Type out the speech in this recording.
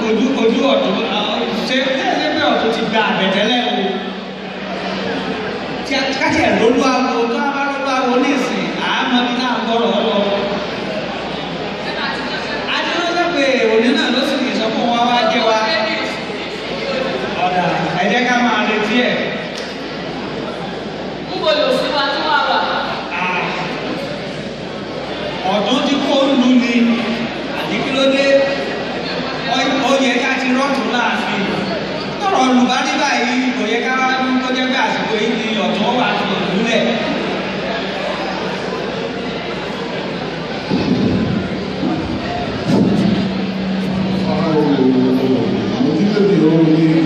ojú ojú ọ̀tún ṣe ṣe pé ọ̀tún ti gba àbẹ̀tẹ́lẹ̀ o tí a ti ẹ̀ lólu aago tó a bá lólu aago ní ìsìn àmọ́ ní náà gbọ́rọ̀ ọ lọ. adúlọ́sẹ̀ pé òní náà ló sì sọ fún wa wá jẹ́ wa ọ̀dà ẹ jẹ́ ká máa retí ẹ̀. n kò lò sí wa tí wàá wà. ọ̀dún ti kó lù ní àdìkí ló dé láàfin tọ̀rọ̀ Yorùbá ní báyìí kò yẹ ká tó jẹ́ pé àsìkò yìí ni ọ̀tọ̀ Thank you.